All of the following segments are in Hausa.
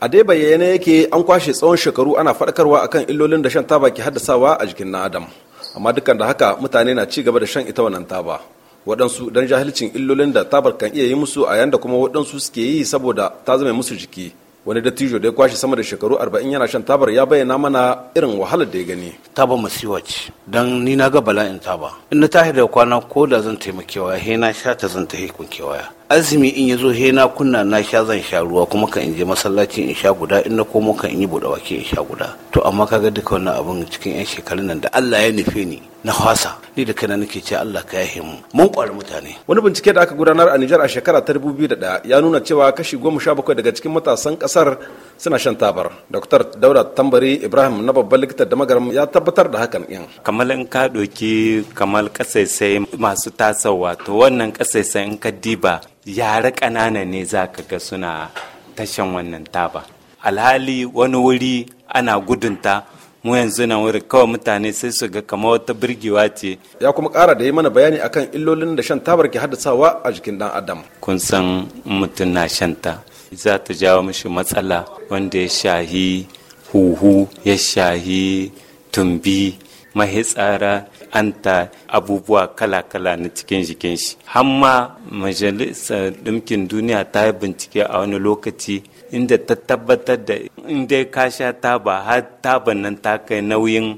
a dai bayyana yake an kwashe tsawon shekaru ana faɗakarwa akan illolin da shan taba ke haddasawa a jikin na adam amma dukkan da haka mutane na ci gaba da shan ita wannan taba waɗansu don jahilcin illolin da tabar kan iya yi musu a yanda kuma waɗansu suke yi saboda ta zama musu jiki wani dattijo da ya kwashe sama da shekaru arba'in yana shan tabar ya bayyana mana irin wahalar da ya gani taba masiwa ce don ni na ga bala'in taba in na tashi da kwana ko da zan taimakewa he na sha ta zan ta kun azumi in ya zo he na kunna na sha zan sha ruwa kuma kan in je masallaci in sha guda in na komo kan in yi buɗe wake in sha guda to amma kaga duka wannan abun cikin yan shekarun nan da Allah ya nufe ni na hwasa ni da kana nake cewa Allah ka yahe mu mun kwari mutane wani bincike da aka gudanar a Nijar a shekara ta 2001 ya nuna cewa kashi 17 daga cikin matasan kasar suna shan tabar Dr. daura Tambari Ibrahim na babban likitar da magaram ya tabbatar da hakan din kamar in ka doki kamar kasaisai masu tasawa to wannan kasaisai in ka diba yare ƙanana ne za ka ga suna tashan wannan taba alhali wani wuri ana gudunta mu yanzu na wuri kawai mutane sai su ga kama wata birgewa ce ya kuma ƙara da yi mana bayani akan illolin da shan tabar ke haddasawa a jikin dan adam kun san mutum na shanta za ta jawo mishi matsala wanda ya shahi huhu ya shahi tumbi mahitsara anta abubuwa kala-kala na cikin jikin shi hamma majalisar ɗumkin duniya ta yi bincike a wani lokaci inda ta tabbatar da inda ka sha taba har taban nan ta kai nauyin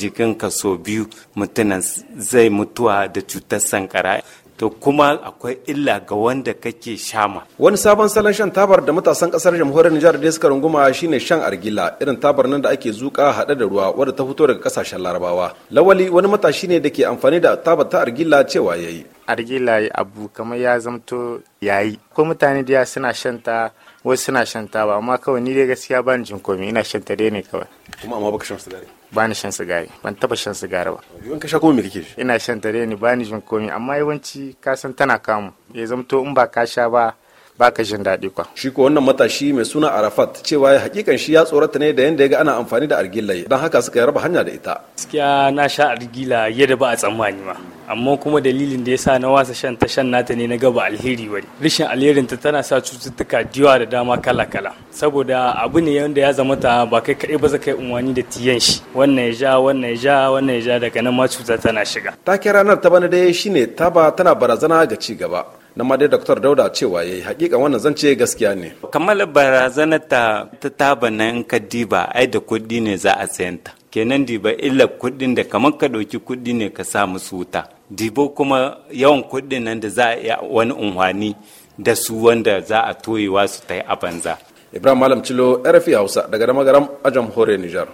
jikinka sau biyu mutunan zai mutuwa da cutar sankara to kuma akwai illa ga wanda kake shama wani sabon salon shan tabar da matasan kasar jamhuriyar Nijar da suka runguma shine shan argila irin tabar nan da ake zuka hade da ruwa wadda ta fito daga kasashen larabawa lawali wani matashi ne da ke amfani da tabar ta argila cewa yayi argila ya abu kamar ya zamto yayi ko mutane da suna shanta wasu suna shanta ba amma kawai ni dai gaskiya ba ni jin komai ina shanta dai ne kawai kuma amma baka shan sigari ba ni shan sigari ban taba shan sigari ba yawan ka sha kuma me kake ina shanta dai ne ba ni jin komai amma yawanci ka san tana kamu ya zamto in ba ka sha ba baka jin daɗi kwa. Shi ko wannan matashi mai suna Arafat cewa ya hakikan shi ya tsorata ne da yadda ya ga ana amfani da argila don haka suka raba hanya da ita. Gaskiya na sha argila yadda ba a tsammani ma. amma kuma dalilin da ya sa na wasa shan ta shan nata ne na gaba alheri wani. rashin alherin ta tana sa cututtuka diwa da dama kala kala saboda abu ne yadda ya zama ta ba kai kaɗai ba za yi umarni da tiyan shi wannan ya ja wannan ya ja wannan ya ja daga nan ma cuta tana shiga take ranar ta bana dai shine taba tana barazana ga ci gaba na ma dai Dr. Dauda cewa yayi hakika wannan zan ce gaskiya ne kamar barazana ta ta taba in ka diba ai da kuɗi ne za a ta kenan diba illa kuɗin da kamar ka ɗauki kuɗi ne ka sa musu wuta dibo kuma yawan kuɗin nan da za a iya wani unhwani da su wanda za a toyewa su ta yi a banza ibrahim malam cilo rfi hausa daga damagaram a jamhuriyar nijar